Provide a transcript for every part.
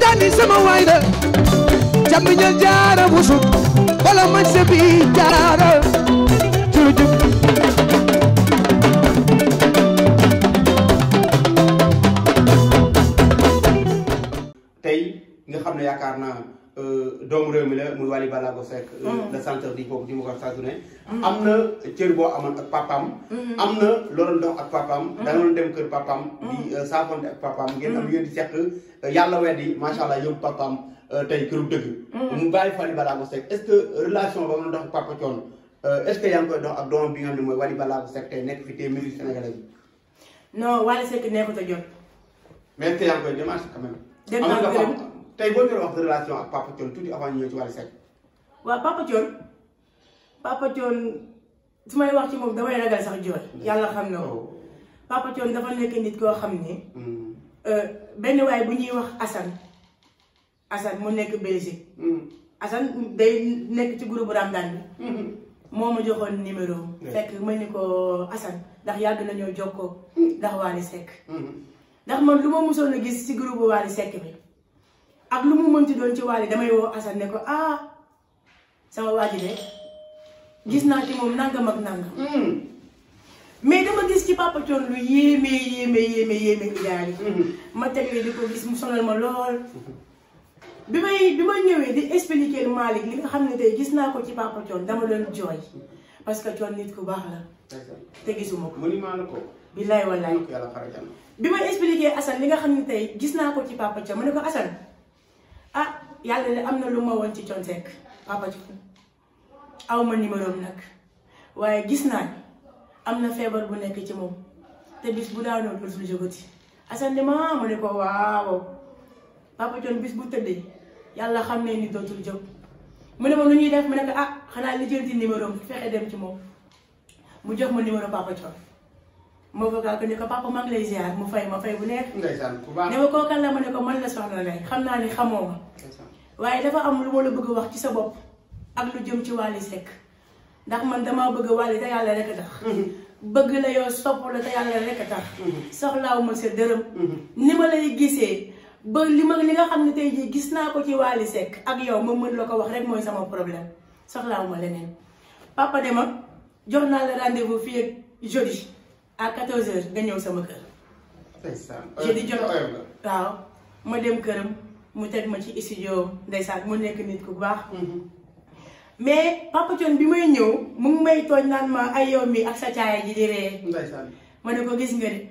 dani sama waay da jamiñal jaara busu wala ma sebi jaara jurujum tey nga xam ne yaakaar naa Euh, doomu réew mi la muy Wally Ballago Seck euh, mm. le centre di boobu di ma ko saa su am na cër boo amoon ak papaam mm-hmm. am na loolu dox ak papaam mm-hmm. danoon dem kër papaam di mm-hmm. euh, saafonte ak papaam ngeen am di macha allah yóbbu papaam tey këru dëgg mu bàyyi Wally que relation ba mu dox ak papa Thione est-ce que mooy Wally Ballago Seck tey nekk fi tey musique sénégalaise a tey boo doon wax relation ak Papa Thione tuuti avant ñëw ci Wally Seck. waaw Papa Thione Papa Thione su may wax ci moom damay ragal sax jooy yàlla xam na ko oh. Papa Thione dafa nekk nit koo xam ne. Mm. Euh, benn waay bu ñuy wax Assane Assane mu nekk Belgique. Mm. Assane day nekk ci groupe am bi. Mm-hmm. moo ma joxoon numéro fekk ma ni ko Assane ndax yàgg nañoo jokkoo mm. ndax Wally Seck. Mm-hmm. ndax man lu ma mosoon a gis ci groupe Wally Seck bi. ak lu mu mënti doon ci yi damay woo Assane ne ko ah sama waa ji de gis naa ci moom nangam ak nangam. Mm-hmm. mais dama gis ci Papa Thione lu yéeme yéeme yéeme yéeme idaari mm-hmm. ma teg di ko gis mu sonal ma lool. bi may bi ma ñëwee di expliquer Malick li nga xam ne tey gis naa ko ci Papa Thione dama doon jooy parce que Thione nit ku baax la. te gisuma ko. monument la ko. billaay wallaay bi may expliquer Assane li nga xam ne tey gis naa ko ci Papa Thione ko Assane. ah yàlla de am na lu ma woon ci Thione Seck papa ji aw ma numéro nag waaye gis naa am na feebar bu nekk ci moom te bis bu daanoo dootul jógati Assane ne ma mu ne ko waaw papa Thione bis bu tëddee yàlla xam ne ni dootul jóg mu ne ma ñuy def mu ne ko ah xanaa li jël di numéro fexe dem ci moom mu jox ma numéro papa Thione ma vocal ko ne ko papa maa ngi lay ziar mu fay ma fay bu neex. ndeysaan ku baax ne ma kookan la ma ne ko man la soxla lay xam naa ne xamoo ma. waaye dafa am lu ma la bëgg a wax ci sa bopp ak lu jëm ci Wally Seck ndax man damaa bëgg Wally te yàlla rek a tax. Mhm. bëgg la yow sopp la te yàlla rek a tax. Mhm. soxlaawu ma sa dërëm. Mhm. ni ma lay gisee ba li ma li nga xam ne tey jii gis naa ko ci Wally Seck ak yow ma mën la ko wax rek mooy sama problème soxlaawu ma leneen papa dema jox naa la rendez-vous fii ak jeudi. à 14h nga ñëw sama kër. ndeysaan di jot waaw ma dem këram mu teg ma ci studio ndeysaan mu nekk nit ku baax. Mhm. mais Papa Thione bi may ñëw mu ngi may tooñ naan ma ay yow ak sa caaya ji di ree. ma ne ko gis nga de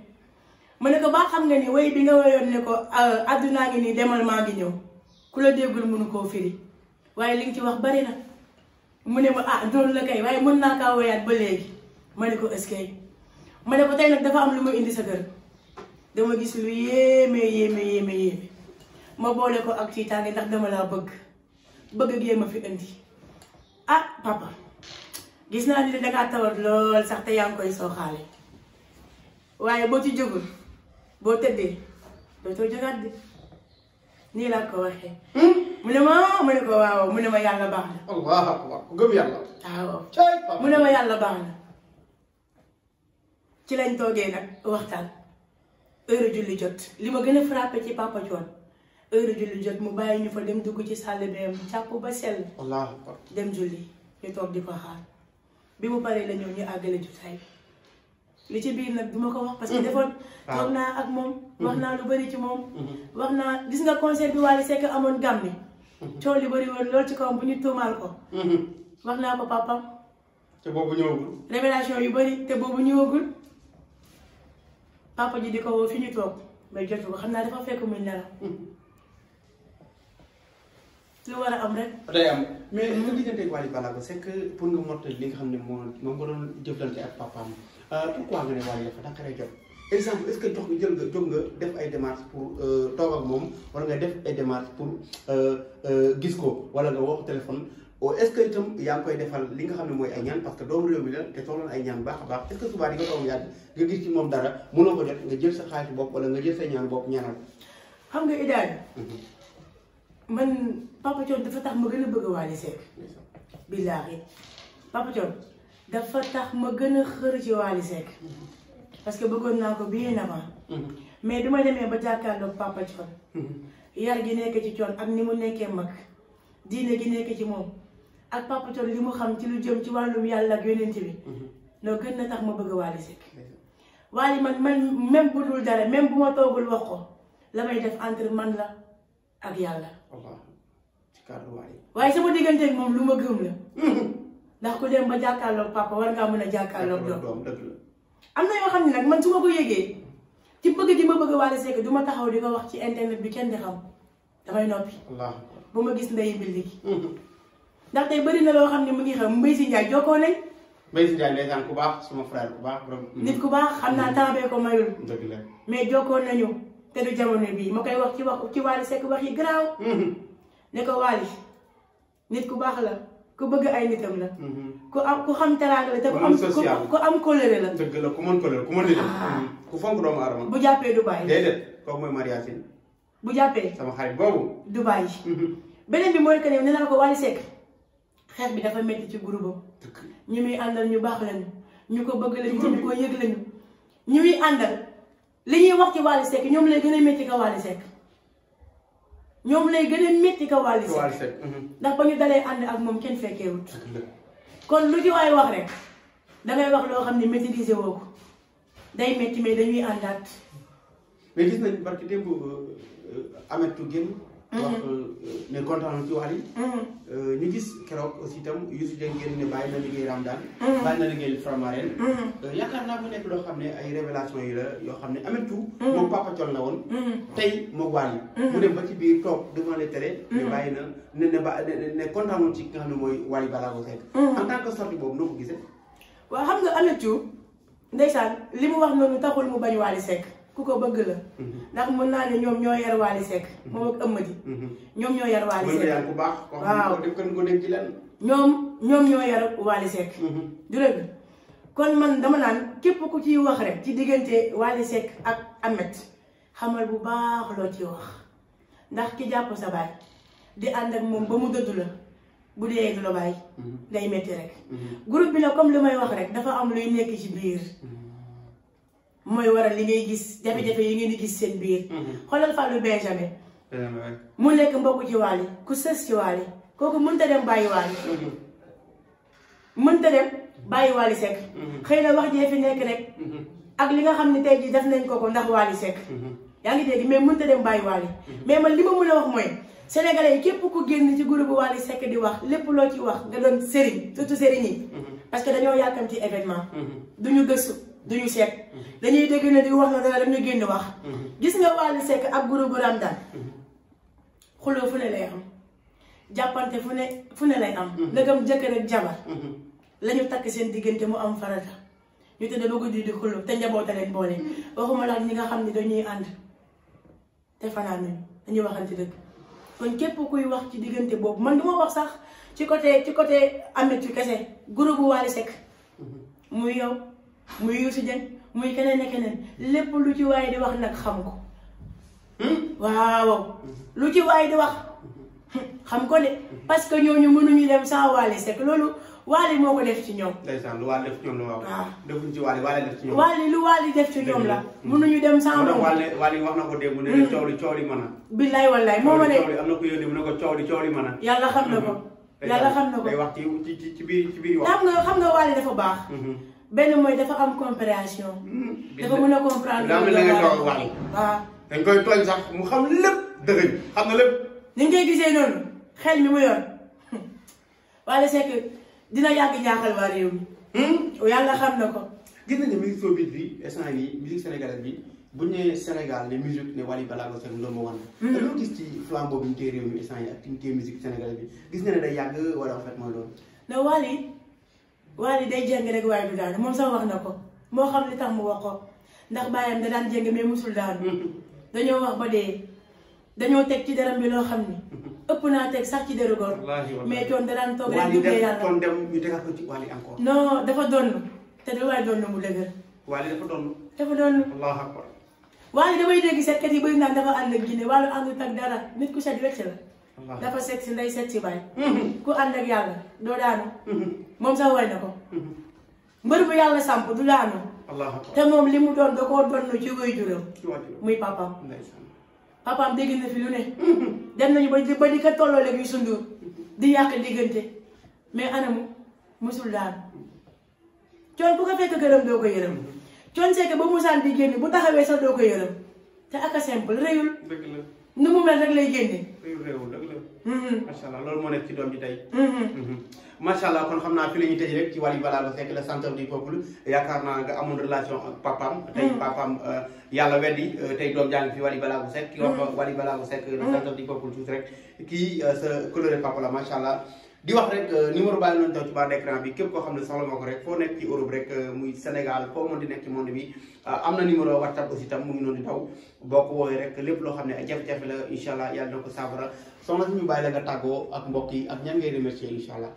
ma ne ko baax xam nga ni way bi nga wayoon ne ko euh, addunaa ngi nii demal maa ngi ñëw ku la déggul mënu koo firi waaye li nga ci wax bari na mu ne ma ah doon la kay waaye mën naa kaa woyaat ba léegi ma ne ko est-ce ma ne ko tey nag dafa am lu muy indi sa kër dama gis lu yéeme yéeme yéeme yéeme ma boole ko ak tiitaange ndax dama laa bëgg bëgg gee ma fi indi ah papa gis naa ni dangaa tawat lool sax te yaa ngi koy sooxaale waaye boo ci jógul boo tëddee dootoo jógaat de nii laa ko waxee. Hmm? mu ne ma mu ne waaw mu ne ma yàlla baax na. waaw waaw mu ne ma yàlla baax na. ci lañ toogee nag waxtaan heure julli jot li ma gën a frappé ci papa Thione heure julli jot mu bàyyi ñu fa dem dugg ci salle bi jàpp ba sell. wallaahi dem julli ñu toog di fa xaar bi mu paree la ñëw ñu àggale jotaay li ci biir nag duma ko wax. parce que mm-hmm. defoon wax ah. naa ak moom. wax naa lu mm-hmm. bari ci moom. Mm-hmm. wax naa gis nga concert bi Wally Seck amoon gàmmi. coow li bari woon lool ci kaw bu ñu tuumaal ko. wax naa ko papam te boobu ñëwagul. révélation yu bëri te boobu papa ji di ko woo fi ñu toog mais jotu ko xam naa dafa fekk muy nelaw. Hmm. lu war a am rek. day am mais li hmm. nga digganteeg Wally Ballago Seck pour nga mottali li nga xam ne moo moom nga doon jëflante ak papaam euh, pourquoi nga ne Wally dafa dàqaree jot exemple est-ce que jox nga jël nga jóg nga def ay démarches pour euh, toog ak moom wala nga def ay démarches pour euh, gis ko wala nga wax téléphone. est-ce que yaa ngi koy defal li nga xam ne mooy ay ñaan parce que doomu réew mi la te soxla na ay ñaan baax a baax est-ce que subaa di nga toog yàgg nga gis ci moom dara mënoo nga jël sa xaalis bopp wala nga xam nga Idaañ mhm. man Papa Thione dafa tax ma gën a bëgg a Wally Seck billaahi Papa Thione dafa tax ma gën a xër ci Wally Seck mhm. parce que bëggoon naa ko bien avant mhm. mais du ma demee ba jàkkaarloog Papa Thione yar gi nekk ci Thione ak ni mu nekkee mag diine gi nekk ci moom ak Papa Thione li mu xam ci lu jëm ci wàllum yàlla ak yonent bi mhm. loolu gën na tax ma bëgg Wally Seck Wally man man même bu dul dara même bu ma toogul wax ko la may def entre man la ak yàlla waaye sama digganteeg moom lu ma gëm mhm. ndax ku dem ba jàkkaarloog papa war ngaa mën a jàkkaarloog doom am na yoo xam ne nag man su ma ko yëgee ci bëgg di ma bëgg Wally Seck du ma taxaw di ko wax ci internet bi kenn di xam damay noppi bu ma gis ndeyi mbilli mhm. ndax tey bëri na loo xam ne mu ngi xam Mbaye si Ndiaye jokkoo nañ. Mbaye si Ndiaye ndeysaan ku baax suma frère ku baax. nit ku baax xam naa taabee ko mayul. dëgg la mais jokkoo nañu te du jamono bii ma koy wax ci wax ci Wally Seck wax yi garaaw. Mhm. ne ko Wally nit ku baax la ku bëgg ay nitam la. Mhm. ku am ku la te ku am ku am colère la. dëgg la ku mën colère ku mën nitam. Ah. Mhm. ku fonk doomu aadama. bu jàppee du bàyyi. déedéet kooku mooy Mariasine. bu jàppee sama xarit boobu. du bàyyi. beneen bi mooy que ne nee naa ko Wally xeex bi dafa métti ci groupe am ñi muy àndal ñu baax lañu ñu ko bëgg lañu te ñu ko yëg lañu ñi muy àndal li ñuy wax ci Wally Seck ñoom lay gën a métti ka Wally Seck ñoom lay gën a métti ka Wally Seck mhm. ndax ba ñu dalee ànd ak moom kenn fekkeewut kon lu ci waay wax rek dangay wax loo xam ne maîtrisé woo ko day métti mais dañuy àndaat mais gis nañ barki démb euh, euh, ametu génn Mmh. wax ne euh, kontaan ci wax yi. Mmh. Euh, gis keroog aussi itam Youssou Dieng ngeen ne bàyyi na liggéey Ramadan. Mmh. bàyyi na liggéey Faramaren. Euh, yaakaar naa mu nekk loo xam ne ay révélation yi la yoo xam ne Ameth Thiou. moom Papa Thione la woon. tey moo waal yi. mu dem ba ci biir toog devant les télé. ne bàyyi na ne ne ba ne kontaanul ci ki nga xam ne mooy Wally Ballago Seck. en tant que ko gisee. waaw xam nga Ameth Thiou ndeysaan li mu wax noonu taxul mu bañ Wally Seck. ku ko bëgg la. Mhm. ndax mën naa ne ñoom ñoo yar Wally Seck. Mhm. moom ak ëmb ji. Mhm. ñoom ñoo yar Wally Seck mën nga ku baax. waaw ko ko dégg ci lenn. ñoom ñoom ñoo yar Wally Seck. du dëgg kon man dama naan képp ku ciy wax rek ci diggante Wally Seck ak Ameth xamal bu baax loo ci wax ndax ki jàpp sa baay di ànd moom ba mu dëdd la bu dee du la bàyyi. day metti rek. groupe bi nag comme li may wax rek dafa am luy nekk ci biir. mooy waral li ngay gis jafe-jafe yi ngeen di gis seen biir. Mhm. xoolal Fallou Benjamin. mu nekk mbokku ci waali ku sës ci waali kooku mënta dem bàyyi waali. Mhm. mënta dem bàyyi waali sekk. Mhm. xëy na wax jee fi nekk rek. ak li nga xam ni tey jii def nañ ko ko ndax waali sekk. yaa ngi dégg mais mënta dem bàyyi waali. mais man li ma mën a wax mooy. Sénégalais yi képp ku génn ci groupe Wally Seck di wax lépp loo ci wax nga doon sëriñ surtout sëriñ yi. parce que dañoo yàkkamti événement. du ñu gëstu. duñu seet dañuy dégg ne di wax na dara dem ñu génn wax mhm. gis nga Wally Seck ak groupe Ramdan mhm. xuloo fu ne lay am jàppante fu ne fu ne lay am mhm. ndegam jëkkër ak jabar lañu takk seen diggante mu am farata ñu tëdd ba guddi di xuloo te njaboot rek boole waxuma la ñi nga xam ne dañuy ànd te fanaan nañu dañuy waxante dëgg kon képp kuy wax ci diggante boobu man duma wax sax ci côté ci côté amet yu kese groupe Wally Seck muy yow muy Youssou Dieng muy keneen ak keneen lépp lu ci waaye di wax nag xam ko hmm? waaw lu ci waaye di wax xam ko de parce que ñooñu mënuñu dem sans Wally Seck loolu Wally moo ko def ci ñoom. ndeysaan lu Wally ci ñoom la waaw. Ah. defuñ ci Wally Wally def ci ñoom. Wally lu Wally def ci ñoom la. mënuñu dem sans moom Wally Wally wax na ko dem ne hmm. ne coow li coow li mën billaay wallaay moo ma ne am na ku yónnee mu ne ko coow li coow li xam na ko. Hmm. yàlla xam na ko day wax ci ci ci biir ci biir wax. xam nga xam nga Wally dafa baax. benn mooy dafa am compréhension. Hmm. dafa mën a comprendre. daa mel ne nga ah. dañ koy tooñ sax mu xam lépp dëgg xam na lépp. ni nga koy gisee noonu xel mi mu yor wala c'est dina yàgg jaaxal waa réew mi. Hmm? Oh, yàlla na ko. gis nañu ne bi instant yii musique sénégalaise bi bu ñu Sénégal ne musique ne Wally Ballago Seck loolu moo wan. te hmm. loo gis ci flambeau bi ñu téye réew mi instant yii ak ci ñu téye musique bi gis na ne day yàgg wala en fait mooy loolu. ne Wally waaye day jàng rek waaye du daanu moom sax wax na ko moo xam li tax mu wax ko ndax bàyyam da daan jàng mais musul daanu dañoo wax ba dee dañoo teg ci deram bi loo xam ni ëpp naa teg sax ci deru góor mais coon da daan toog rek jublee yàlla kon dem ñu tegaat ko ci wàlli encore non dafa donn te da waaye doon na mu dëgër wàlli dafa donn dafa donn allahu akbar waaye damay dégg seetkat yi bëri naan dafa ànd ak jinne wàllu àndut ak dara nit ku set wecc la dafa seet si ndey seet si baay. Mm-hmm. ku ànd ak yàlla doo daanu. Mm-hmm. moom sax way na ko. Mm-hmm. mbër bu yàlla samp du daanu. te moom li mu doon da koo doon ci waajuram muy papaam. papaam dégg na fi lu ne. dem nañu ba ba di ko tolloo léegi sundur di yàq diggante mais anamu musul daanu. coon bu ko fekk gërëm doo ko yërëm. coon sekk ba musaan di génn bu taxawee sax doo ko yërëm te aka simple réyul. nu mu mel rek lay génne. Mm-hmm. macha allah loolu moo nekk ci doom ji tey. Mm-hmm. Mm-hmm. macha allah kon xam naa fi la ñuy tëj rek ci Waly Ballago Seck le centre du peuple yaakaar naa nga amoon relation ak papaam. tey papaam euh, yàlla weddi euh, tey doom jaa ngi fi Waly Ballago Seck. ki wax Waly Ballago Seck. le centre du peuple tuuti rek kii euh, sa coloré papa la macha allah. di wax rek euh, numéro bàyyi noonu daw képp koo xam ne soxla nga ko rek foo nekk ci Europe rek euh, muy Sénégal foo mën di nekk ci monde bi euh, am na numéro WhatsApp aussi tam mu ngi noonu di ko woowee rek lépp loo xam ne jafe-jafe la incha ko saafara soxna suñu bàyyi la nga tàggoo ak mbokk yi ak ñan ngay remercier incha allah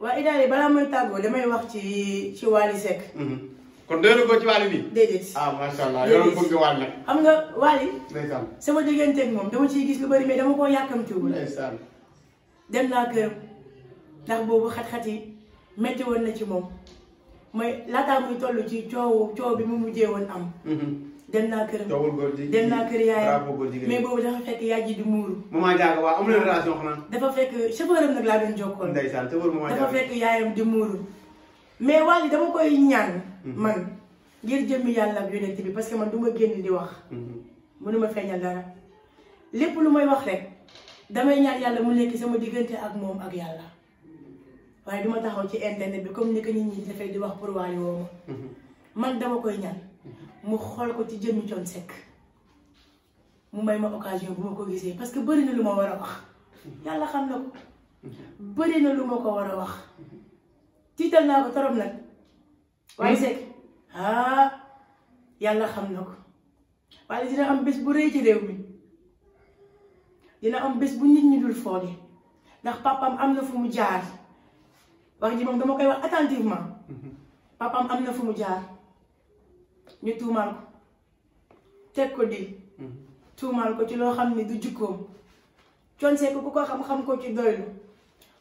waa Idaly balaa mooy tàggoo damay wax ci ci Wally Seck mm-hmm. kon delloo ko ci Wally bi ah macha allah yow bëgg Wally nag xam nga sama digganteeg moom dama ciy gis lu bëri mais dama koo yàkkamtiwul dem naa kër ndax boobu xat yi métti na ci moom mooy laataa muy toll ci coow bi mu mujjee woon am. Mhm. dem naa kër dem naa kër yaayam mais boobu dafa fekk yaay ji di yaayam di muuru. mais waa ji dama koy ñaan. Mhm. man ngir jëmmi yàlla ak yonent bi parce que man du ma génn di wax. Mhm. mënuma feeñal dara lépp lu may wax rek damay ñaan yàlla mu nekk sama diggante ak moom ak yàlla. waaye duma taxaw ci internet bi comme ni ko nit ñi dafay di wax pour waaye woo man dama koy ñaan mu xool ko ci jëmmi Thione Seck mu may ma occasion bu ma ko gisee parce que bëri na lu ma war a wax yàlla xam na ko na lu ko war a wax tiital naa ko torop nag waaye Seck ah xam na ko dina am bés bu rëy ci réew mi dina am bés bu nit ñi dul foogee ndax papam am na fu mu jaar wax ji moom dama koy wax attentivement mhm. papaam am na fu mu jaar ñu tuumaal ko teg ko di mhm. tuumaal ko ci loo xam ne du jikkoom Thione Seck ku ko xam-xam ko ci doylu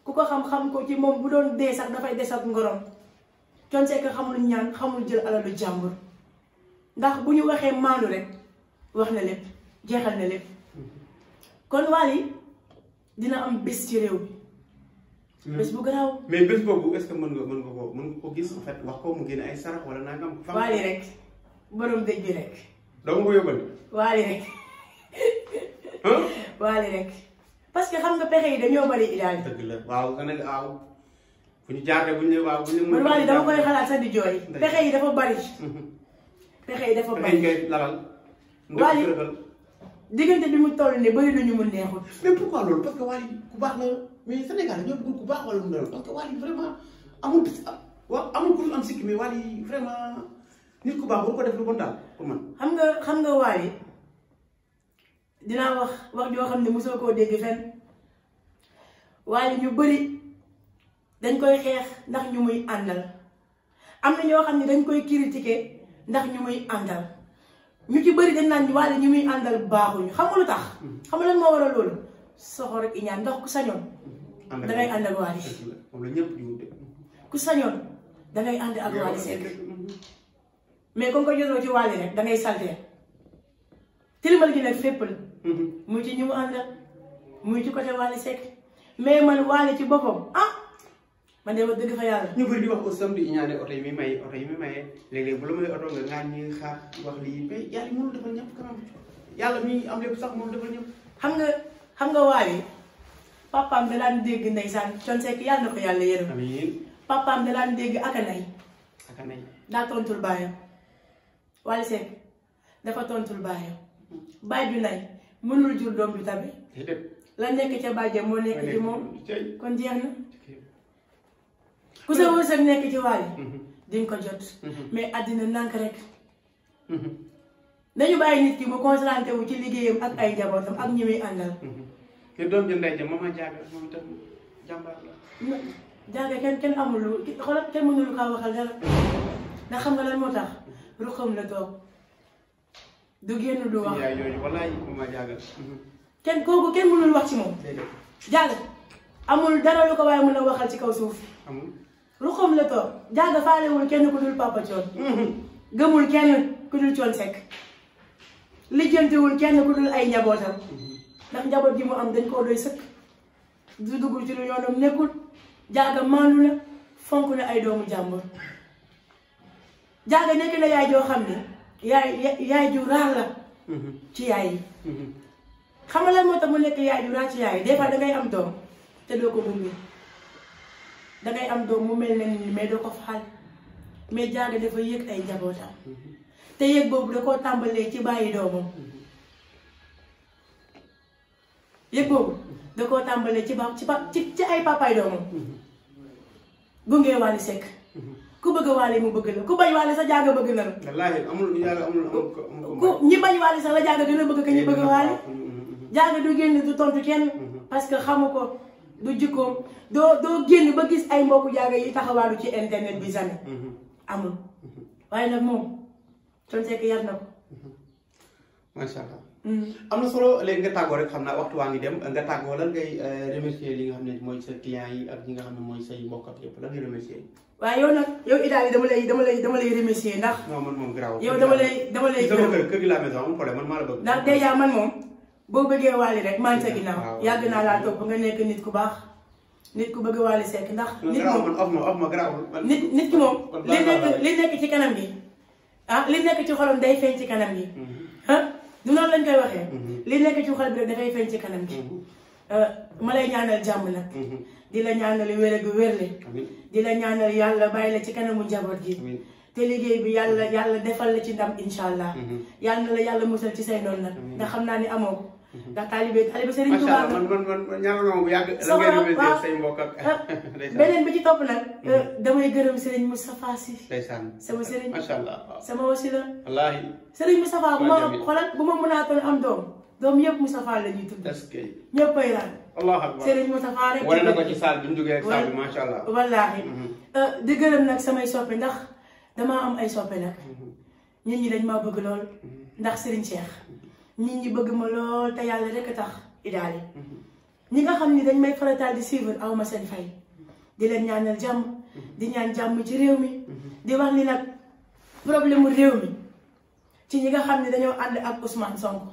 ku ko xam-xam ko ci moom bu doon dee sax dafay des ak ngorom Thione Seck xamul ñaan xamul jël alalu jàmbur ndax bu ñu waxee maalu rek wax na lépp jeexal na lépp mhm. kon Wally dina am bés ci réew bi Hmm. bés bu garaaw. mais bés boobu est-ce que mën nga mën nga ko mën nga ko gis en fait wax mu génne a sarax wala naa waali rek borom dëj bi rek. doo ma ko yóbbal. rek. waali rek. parce que xam nga pexe yi dañoo bari Idaly. la waaw xanaa ñu jaaree bu ñu waaw bu ñu. mën waali dama koy xalaat sax di jooy. pexe yi dafa bari. pexe yi dafa bari ngay lalal. diggante bi mu toll nii bari na ñu mu neexut. mais pourquoi loolu parce que ku baax la. mais Sénégal ñoo bëgg ku baax wala mu doon parce que Wally vraiment amul bis am wa amul ku am sikki vraiment nit ku baax war ko def lu bon daal ko man. xam nga xam nga Wally dinaa wax wax joo xam ne mosoo koo dégg fenn Wally ñu bëri dañ koy xeex ndax ñu muy àndal am na ñoo xam ne dañ koy critiquer ndax ñu muy àndal. ñu ci bëri dañ naan Wally ñu muy àndal baaxuñu xam nga lu tax. Mm. xam nga lan moo waral loolu soxor ak iñaan ndax ku sañoon. Mm. da ngay ànd ak Wally Seck ku sañoon da ngay ànd ak Wally Seck mais comme que jotoo ci Wally rek da ngay salté tilimal gi nag fépp la. Mhm. muy ci ñi mu àndal muy ci côté Wally Seck mais man Wally ci boppam ah. man de wax dëgg fa yàlla. ñu bëri di wax au samedi di ñaane oto yi bu yàlla mënul defal am sax moom defal ñëpp. xam nga xam nga Wally. papaam da daan dégg ndeysaan Thione Seck yàlla na ko yàlla yërëm. amiin papaam da daan dégg akanay. akanay daa tontul baayam. Wally Seck dafa tontul baayam. baay bi nay mënul jur doom bi tamit. la nekk ca baay ja moo nekk moom. kon jeex na. ku sa wërsëg nekk ci Wally. Mhm. di nga ko jot. Mhm. mais àddina nank rek. Mhm. nañu bàyyi nit ki mu concentré wu ci liggéeyam ak ay njabootam ak ñi muy te doom ji ndey ja maman Diaby moom itam jàmbaar la. kenn amul lu xoolal kenn mënuñu kaa waxal xam nga lan moo tax ruqam la doom du génn du kenn kooku kenn mënul wax ci moom. Diaby amul dara lu ko waaye mën a waxal ci kaw suuf. amul ruqam la toog Diaby faalewul kenn ku dul Papa Thione. Mhm. gëmul kenn ku dul Thione Seck lijjantiwul kenn ku dul ay njabootam. Mhm. ndax njaboot ji mu am dañ koo doy sëkk du dugg ci lu yoonam nekkul jaaga maandu na fonk na ay doomu jàmbur jaaga nekk na yaay joo xam ne yaay yaay ju raar la mhm. ci yaay yi mhm. xam nga lan moo tax mu nekk yaay ju raar ci yaay yi des dangay am doom te doo ko muñ dangay am doom mu mel na nii mais doo ko faxal mais jaaga dafa yëg ay njabootam mhm. te yëg boobu da koo tàmbalee ci bàyyi doomam yëg da koo tàmbalee ci ba ci ba ci ci ay papaay doomam gungee Wally Seck ku bëgg Wally mu bëgg la ku bañ Wally sa jaaga bëgg na la. ñi bañ Wally sax la jaaga dina bëgg ka ñi bëgg Wally jaaga du génn du tontu kenn mhm. parce que xamu ko du jikkoom doo doo génn ba gis ay mbokku jaaga yi taxawaalu ci internet bi jamais mhm. amul mhm. waaye nag moom Thione Seck yar na ko Mm. am na solo léegi nga tàggoo rek xam naa waxtu waa ngi dem nga tàggoo lan ngay euh, remercier li nga xam ne mooy sa clients yi ak ñi nga xam ne mooy say mbokk ak yëpp lan ngay remercier. waaw yow nag yow Ida yi dama lay dama lay dama lay remercier ndax. non man moom garaaw. yow dama lay dama lay gërëm kër gi la maison amul problème man maa la bëgg. ndax déjà man moom boo bëggee waale rek maa ngi sa ginnaaw ah, yàgg naa laa topp nga nekk nit ku baax nit ku bëgg waale sekk ndax. nit moom of ma ma garaawul. nit nit ki moom li nekk gi ah li nekk ci xolam day feeñ ci kanam gi ah du noonu lañ koy waxee. Mhm. li nekk ci xol bi rek dafay feeñ ci kanam gi. Mhm. Euh, ma lay ñaanal jàmm nag. Mhm. di la ñaanal wér gu wér li di la ñaanal yàlla bàyyi la ci kanamu njaboot gi. te liggéey bi yàlla yàlla defal la ci ndam incha allah. yàlla na la yàlla musal ci say noonu nag. ndax xam naa ni amoo Mhm. ndax taalibe taalibe Serigne Touba man man man ñaanal nga ma bi ci topp nag. Mhm. Euh, damay gërëm Serigne Moustapha Sy. ndeysaan sama Serigne macha allah sama wasila. wallaahi Serigne Moustapha bu ma xoolal bu ma mënaatoon am doom doom yëpp Moustapha la ñuy tudd. est ce que ñëpp ay laal. allahu akbar Serigne Moustapha rek. wane na ko ci saal bi ñu duggee ak saal bi mhm. euh, di gërëm nag samay soppe ndax dama am ay soppe nag. nit ñi dañ ma bëgg lool ndax Serigne Cheikh ñi ñi bëgg ma lool te yàlla rekk a tax idaali mm-hmm. ñi nga xam ni dañ may farataal di suivre aw ma seen fay di leen ñaanal jàmm mm-hmm. di ñaan jàmm ci réew mi mm-hmm. di wax ni nag problème réew mi ci ñi nga xam ne dañoo ànd ak Ousmane Sonko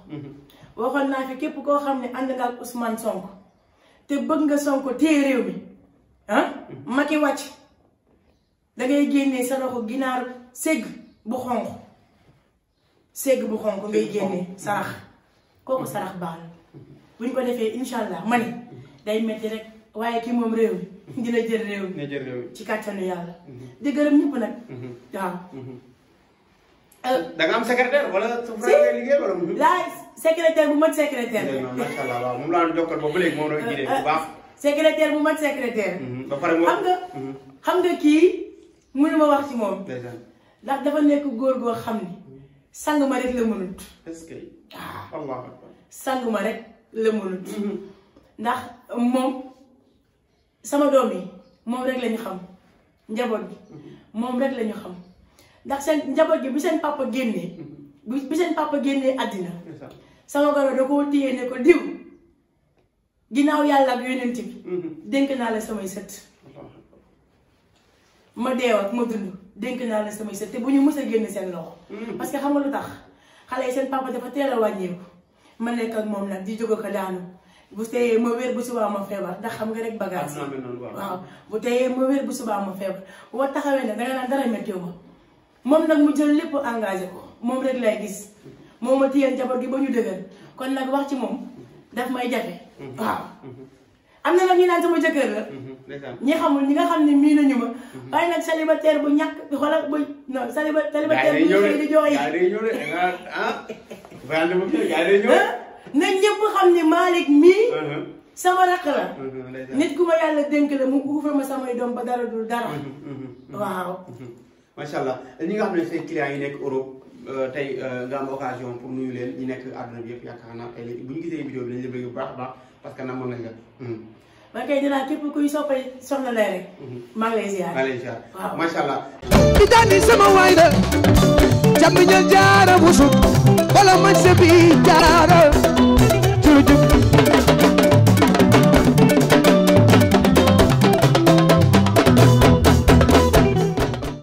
waxoon naa fi képp koo xam ne ànd nga ak Ousmane Sonko te bëgg nga Sonko téye réew mi ah Macky wàcc da ngay génnee sa roxu ginaar ségg bu xonq ségg bu xonk ngay génne sarax kooku sarax baax na bu ñu ko defee incha allah ma ne day metti rek waaye ki moom réew mi dina jël réew mi ci kàttanu yàlla mhm. di gërëm ñëpp nag mhm. waaw mhm. Euh, da am secrétaire wala sa bu mat secrétaire macha allah waaw moom ba léegi moom euh, euh, xam nga xam nga kii mënu ma wax ci moom ndax dafa nekk góor goo xam ni sang ma rek la mënut. que ah. allah akbar sang ma rek la mënut. Mm-hmm. ndax moom sama doom yi moom rek la xam njaboot mm-hmm. moom rek la ñu xam ndax seen njaboot gi bu seen papa génnee. Mm-hmm. bi seen papa génnee àddina. sama goro da koo téye ne ko diw ginnaaw yàlla ak yonent bi dénk naa la samay sët. ma deew ak ma dund dénk naa la samay sët te bu ñu mës a génn seen loxo. Mm. parce que xam nga lu tax xale yi seen papa dafa teel a wàññeeku ma nekk ak moom nag di bu ma wér bu subaa ma feebar ndax xam nga rek bagage waaw bu teyee ma wér bu subaa ma feebar boo taxawee nag danga naan dara méttiw ma moom nag mu jël lépp engagé ko moom rek lay gis moom ma téyeen jabar gi ba ñu dëgër kon nag wax ci moom daf may jafe mm-hmm. waaw mm-hmm. am na nag ñu naan sama jëkkër la mm-hmm. ñi xamul ñi nga xam ne mii nañu ma. waaye mhm. nag célibataire bu ñàkk di xoolal bu non célibataire bu ñëw di jooy. gaa day ñëw de ah. baal ah, na ma kii gaa day ñëw de. xam ne Malick mii. Mhm. sama mhm, nit ku ma yàlla dénk mu uufe ma samay doom ba dara dul dara. waaw. macha allah ñi nga xam ne say yi nekk Europe. Euh, tey euh, nga am occasion pour nuyu leen ñi nekk àdduna bi yëpp yaakaar naa baax a parce que namoon nañ la. man kay dinaa képp kuy mhm. maa ngi lay ziar maa ngi sama waay la. jàmm ña wala ma se